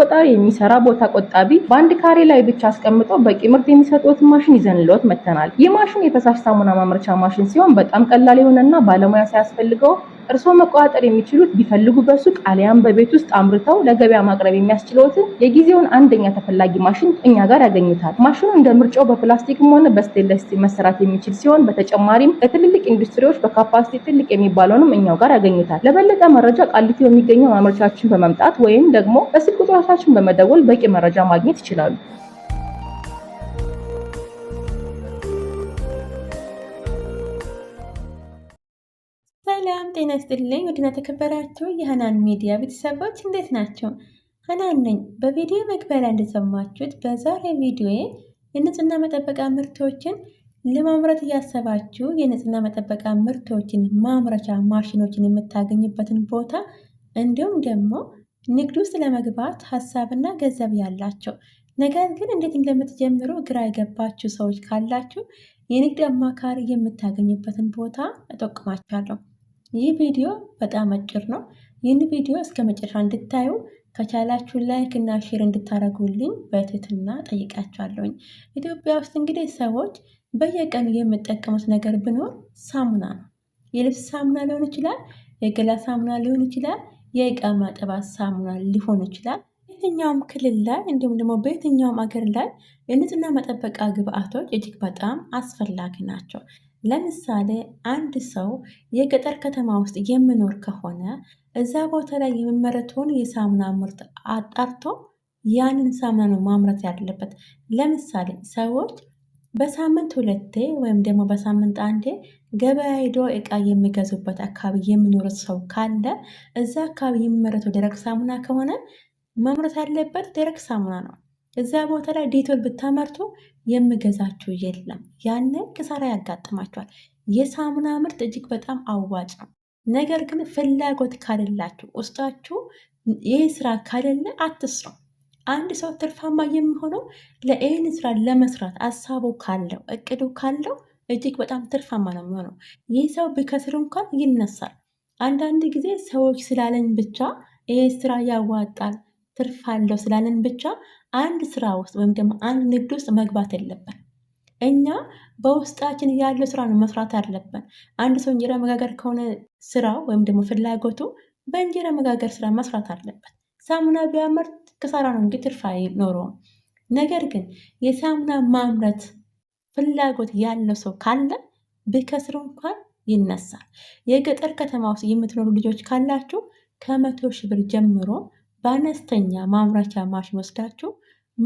ቆጣሪ የሚሰራ ቦታ ቆጣቢ በአንድ ካሬ ላይ ብቻ አስቀምጦ በቂ ምርት የሚሰጡት ማሽን ይዘንልዎት መጥተናል። ይህ ማሽን የፈሳሽ ሳሙና ማምረቻ ማሽን ሲሆን በጣም ቀላል የሆነና ባለሙያ ሳያስፈልገው እርስዎ መቆጣጠር የሚችሉት ቢፈልጉ በሱቅ አሊያም በቤት ውስጥ አምርተው ለገበያ ማቅረብ የሚያስችለውትን የጊዜውን አንደኛ ተፈላጊ ማሽን እኛ ጋር ያገኙታል። ማሽኑ እንደ ምርጫው በፕላስቲክም ሆነ በስቴንለስ ስቲል መሰራት የሚችል ሲሆን በተጨማሪም ለትልልቅ ኢንዱስትሪዎች በካፓሲቲ ትልቅ የሚባለውንም እኛው ጋር ያገኙታል። ለበለጠ መረጃ ቃሊቲ በሚገኘው ማምረቻችን በመምጣት ወይም ደግሞ በስልክ ቁጥሮች ስልካችን በመደወል በቂ መረጃ ማግኘት ይችላሉ። ሰላም ጤና ይስጥልኝ። ውድና ተከበራችሁ የሀናን ሚዲያ ቤተሰቦች እንዴት ናቸው? ሀናን ነኝ። በቪዲዮ መግቢያ ላይ እንደሰማችሁት በዛሬ ቪዲዮ የንጽህና መጠበቂያ ምርቶችን ለማምረት እያሰባችሁ የንጽህና መጠበቂያ ምርቶችን ማምረቻ ማሽኖችን የምታገኝበትን ቦታ እንዲሁም ደግሞ ንግድ ውስጥ ለመግባት ሀሳብና ገንዘብ ያላቸው ነገር ግን እንዴት እንደምትጀምሩ ግራ የገባችሁ ሰዎች ካላችሁ የንግድ አማካሪ የምታገኙበትን ቦታ እጠቁማችኋለሁ። ይህ ቪዲዮ በጣም አጭር ነው። ይህን ቪዲዮ እስከ መጨረሻ እንድታዩ ከቻላችሁ ላይክ እና ሼር እንድታደርጉልኝ በትህትና ጠይቃችኋለሁኝ። ኢትዮጵያ ውስጥ እንግዲህ ሰዎች በየቀኑ የምጠቀሙት ነገር ብኖር ሳሙና ነው። የልብስ ሳሙና ሊሆን ይችላል፣ የገላ ሳሙና ሊሆን ይችላል የእቃ ማጠባ ሳሙና ሊሆን ይችላል። በየትኛውም ክልል ላይ እንዲሁም ደግሞ በየትኛውም አገር ላይ የንጽህና መጠበቂያ ግብአቶች እጅግ በጣም አስፈላጊ ናቸው። ለምሳሌ አንድ ሰው የገጠር ከተማ ውስጥ የሚኖር ከሆነ እዛ ቦታ ላይ የሚመረቱን የሳሙና ምርት አጣርቶ ያንን ሳሙና ነው ማምረት ያለበት። ለምሳሌ ሰዎች በሳምንት ሁለቴ ወይም ደግሞ በሳምንት አንዴ ገበያ ሄዶ እቃ የሚገዙበት አካባቢ የሚኖረት ሰው ካለ እዛ አካባቢ የሚመረተው ደረቅ ሳሙና ከሆነ መምረት ያለበት ደረቅ ሳሙና ነው። እዛ ቦታ ላይ ዴቶል ብታመርቱ የሚገዛችሁ የለም። ያነ ክሳራ ያጋጥማችኋል። የሳሙና ምርት እጅግ በጣም አዋጭ ነው። ነገር ግን ፍላጎት ካደላችሁ ውስጣችሁ ይህ ስራ ካደለ አትስረው አንድ ሰው ትርፋማ የሚሆነው ለይህን ስራ ለመስራት አሳቡ ካለው እቅዱ ካለው እጅግ በጣም ትርፋማ ነው የሚሆነው። ይህ ሰው ቢከስር እንኳን ይነሳል። አንዳንድ ጊዜ ሰዎች ስላለን ብቻ ይህ ስራ ያዋጣል ትርፍ አለው ስላለን ብቻ አንድ ስራ ውስጥ ወይም ደግሞ አንድ ንግድ ውስጥ መግባት የለብን። እኛ በውስጣችን ያለው ስራ ነው መስራት አለብን። አንድ ሰው እንጀራ መጋገር ከሆነ ስራው ወይም ደግሞ ፍላጎቱ በእንጀራ መጋገር ስራ መስራት አለበት። ሳሙና ቢያመርት ክሳራ ነው እንጂ ትርፍ አይኖረውም። ነገር ግን የሳሙና ማምረት ፍላጎት ያለው ሰው ካለ ብከስር እንኳን ይነሳል። የገጠር ከተማ ውስጥ የምትኖሩ ልጆች ካላችሁ ከመቶ ሺህ ብር ጀምሮ በአነስተኛ ማምረቻ ማሽን ወስዳችሁ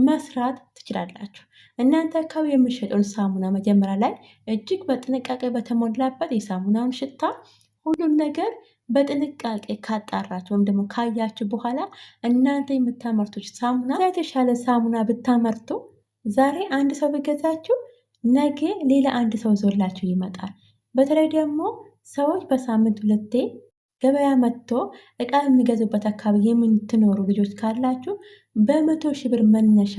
መስራት ትችላላችሁ። እናንተ አካባቢ የሚሸጠውን ሳሙና መጀመሪያ ላይ እጅግ በጥንቃቄ በተሞላበት የሳሙናውን ሽታ ሁሉም ነገር በጥንቃቄ ካጣራችሁ ወይም ደግሞ ካያችሁ በኋላ እናንተ የምታመርቶች ሳሙና የተሻለ ሳሙና ብታመርቱ ዛሬ አንድ ሰው ቢገዛችሁ ነገ ሌላ አንድ ሰው ዞላችሁ ይመጣል። በተለይ ደግሞ ሰዎች በሳምንት ሁለቴ ገበያ መጥቶ እቃ የሚገዙበት አካባቢ የምትኖሩ ልጆች ካላችሁ በመቶ ሺህ ብር መነሻ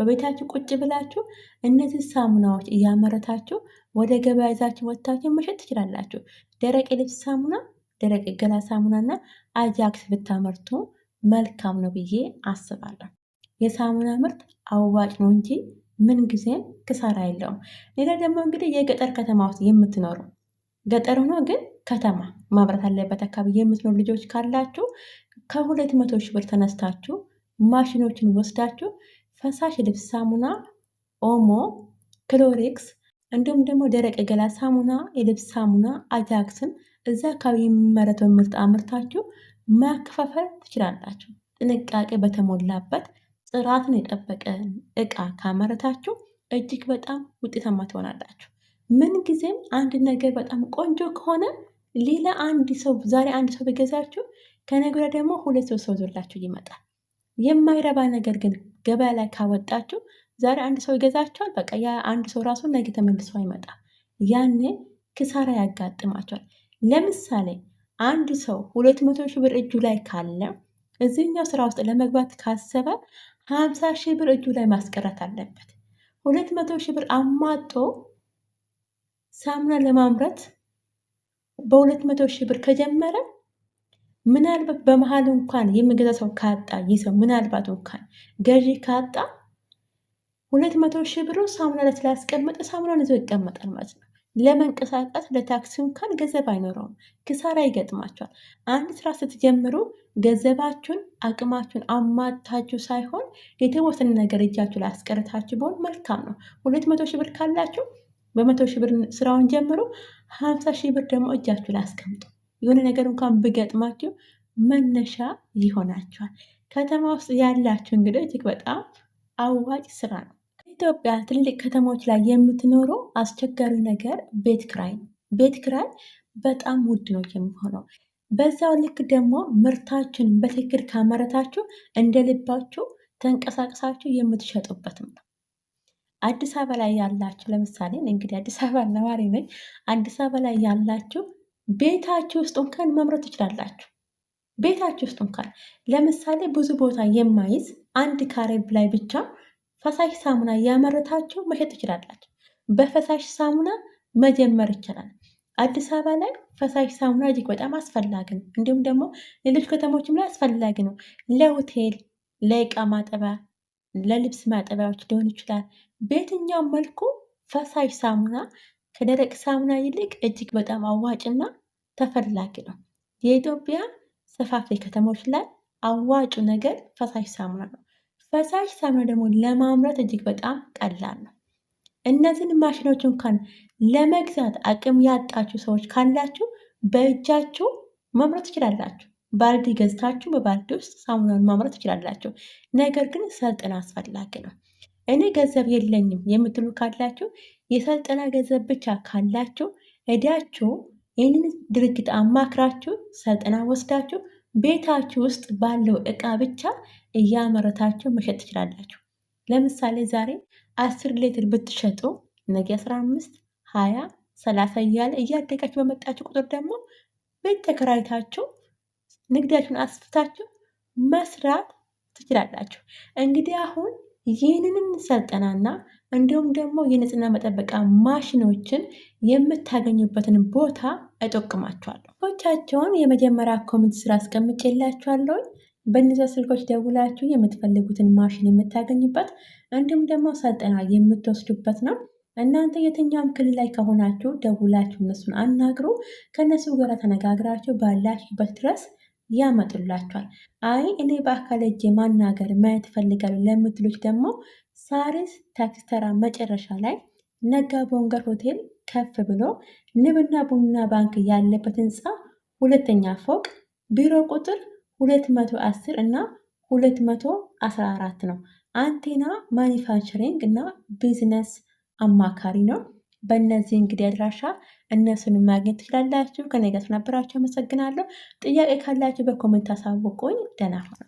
በቤታችሁ ቁጭ ብላችሁ እነዚህ ሳሙናዎች እያመረታችሁ ወደ ገበያ ይዛችሁ ወጥታችሁ መሸጥ ትችላላችሁ። ደረቅ ልብስ ሳሙና፣ ደረቅ ሳሙና ሳሙናና አጃክስ ብታመርቱ መልካም ነው ብዬ አስባለሁ። የሳሙና ምርት አዋጭ ነው እንጂ ምን ጊዜም ክሳራ የለውም። ሌላ ደግሞ እንግዲህ የገጠር ከተማ ውስጥ የምትኖሩ ገጠር ሆኖ ግን ከተማ ማብራት አለበት አካባቢ የምትኖሩ ልጆች ካላችሁ ከሁለት መቶ ሺህ ብር ተነስታችሁ ማሽኖችን ወስዳችሁ ፈሳሽ ልብስ ሳሙና፣ ኦሞ፣ ክሎሪክስ እንዲሁም ደግሞ ደረቅ የገላ ሳሙና፣ የልብስ ሳሙና፣ አጃክስን እዛ አካባቢ የሚመረተውን ምርት አምርታችሁ ማከፋፈል ትችላላችሁ። ጥንቃቄ በተሞላበት ጥራትን የጠበቀ እቃ ካመረታችሁ እጅግ በጣም ውጤታማ ትሆናላችሁ። ምን ጊዜም አንድ ነገር በጣም ቆንጆ ከሆነ ሌላ አንድ ሰው ዛሬ አንድ ሰው ቢገዛችሁ ከነገ ወዲያ ደግሞ ሁለት ሰው ሰው ዞላችሁ ይመጣል። የማይረባ ነገር ግን ገበያ ላይ ካወጣችሁ ዛሬ አንድ ሰው ይገዛቸዋል። በቃ ያ አንድ ሰው ራሱ ነገ ተመልሶ አይመጣ። ያኔ ክሳራ ያጋጥማቸዋል። ለምሳሌ አንድ ሰው ሁለት መቶ ሺህ ብር እጁ ላይ ካለ እዚህኛው ስራ ውስጥ ለመግባት ካሰበ ሀምሳ ሺህ ብር እጁ ላይ ማስቀረት አለበት። ሁለት መቶ ሺህ ብር አሟጦ ሳሙና ለማምረት በሁለት መቶ ሺህ ብር ከጀመረ ምናልባት በመሀል እንኳን የሚገዛ ሰው ካጣ ይህ ሰው ምናልባት እንኳን ገዢ ካጣ ሁለት መቶ ሺህ ብሩ ሳሙና ዕለት ላይ ያስቀመጠ ሳሙናውን ይዞ ይቀመጣል ማለት ነው። ለመንቀሳቀስ ለታክሲ እንኳን ገንዘብ አይኖረውም። ክሳራ ይገጥማቸዋል። አንድ ስራ ስትጀምሩ ገንዘባችሁን አቅማችሁን አማታችሁ ሳይሆን የተወሰነ ነገር እጃችሁ ላይ አስቀርታችሁ በሆን መልካም ነው። ሁለት መቶ ሺህ ብር ካላችሁ በመቶ ሺህ ብር ስራውን ጀምሩ። ሀምሳ ሺህ ብር ደግሞ እጃችሁ ላይ አስቀምጡ። የሆነ ነገር እንኳን ብገጥማችሁ መነሻ ይሆናችኋል። ከተማ ውስጥ ያላችሁ እንግዲህ እጅግ በጣም አዋጭ ስራ ነው። ኢትዮጵያ ትልቅ ከተሞች ላይ የምትኖሩ አስቸጋሪ ነገር ቤት ክራይ ነው። ቤት ክራይ በጣም ውድ ነው የሚሆነው። በዛው ልክ ደግሞ ምርታችን በትክክል ካመረታችሁ እንደ ልባችሁ ተንቀሳቀሳችሁ የምትሸጡበትም ነው። አዲስ አበባ ላይ ያላችሁ ለምሳሌ እንግዲህ አዲስ አበባ ነዋሪ ነኝ። አዲስ አበባ ላይ ያላችሁ ቤታችሁ ውስጥ እንኳን መምረት ትችላላችሁ። ቤታችሁ ውስጥ እንኳን ለምሳሌ ብዙ ቦታ የማይዝ አንድ ካሬ ላይ ብቻ ፈሳሽ ሳሙና እያመረታችሁ መሸጥ ትችላላችሁ። በፈሳሽ ሳሙና መጀመር ይቻላል። አዲስ አበባ ላይ ፈሳሽ ሳሙና እጅግ በጣም አስፈላጊ ነው። እንዲሁም ደግሞ ሌሎች ከተሞችም ላይ አስፈላጊ ነው። ለሆቴል፣ ለእቃ ማጠቢያ፣ ለልብስ ማጠቢያዎች ሊሆን ይችላል። በየትኛውም መልኩ ፈሳሽ ሳሙና ከደረቅ ሳሙና ይልቅ እጅግ በጣም አዋጭና ተፈላጊ ነው። የኢትዮጵያ ሰፋፊ ከተሞች ላይ አዋጩ ነገር ፈሳሽ ሳሙና ነው። ፈሳሽ ሳሙና ደግሞ ለማምረት እጅግ በጣም ቀላል ነው። እነዚህን ማሽኖች እንኳን ለመግዛት አቅም ያጣችሁ ሰዎች ካላችሁ በእጃችሁ ማምረት ትችላላችሁ። ባልዲ ገዝታችሁ በባልዲ ውስጥ ሳሙናን ማምረት ትችላላችሁ። ነገር ግን ሰልጠና አስፈላጊ ነው። እኔ ገንዘብ የለኝም የምትሉ ካላችሁ የሰልጠና ገንዘብ ብቻ ካላችሁ እዳችሁ ይህንን ድርጅት አማክራችሁ ሰልጠና ወስዳችሁ ቤታችሁ ውስጥ ባለው እቃ ብቻ እያመረታችሁ መሸጥ ትችላላችሁ። ለምሳሌ ዛሬ አስር ሌትር ብትሸጡ ነገ አስራ አምስት ሀያ ሰላሳ እያለ እያደጋችሁ በመጣችሁ ቁጥር ደግሞ ቤት ተከራይታችሁ ንግዳችሁን አስፍታችሁ መስራት ትችላላችሁ። እንግዲህ አሁን ይህንንም ስልጠናና እንዲሁም ደግሞ የንጽህና መጠበቂያ ማሽኖችን የምታገኙበትን ቦታ እጠቁማችኋለሁ። ቦቻቸውን የመጀመሪያ ኮሜንት ስራ አስቀምጬላችኋለሁ። በእነዚያ ስልኮች ደውላችሁ የምትፈልጉትን ማሽን የምታገኙበት እንዲሁም ደግሞ ስልጠና የምትወስዱበት ነው። እናንተ የትኛውም ክልል ላይ ከሆናችሁ ደውላችሁ እነሱን አናግሩ። ከእነሱ ጋር ተነጋግራችሁ ባላችሁበት ድረስ ያመጡላቸዋል። አይ እኔ በአካል እጄ ማናገር ማየት ፈልጋሉ ለምትሎች ደግሞ ሳሪስ ታክስተራ መጨረሻ ላይ ነጋ ቦንገር ሆቴል ከፍ ብሎ ንብና ቡና ባንክ ያለበት ህንፃ ሁለተኛ ፎቅ ቢሮ ቁጥር 210 እና 214 ነው። አንቴና ማኒፋክቸሪንግ እና ቢዝነስ አማካሪ ነው። በእነዚህ እንግዲህ አድራሻ እነሱን ማግኘት ትችላላችሁ። ከነገስ ነበራቸው። አመሰግናለሁ። ጥያቄ ካላችሁ በኮሜንት አሳውቁኝ። ደህና ሁኑ።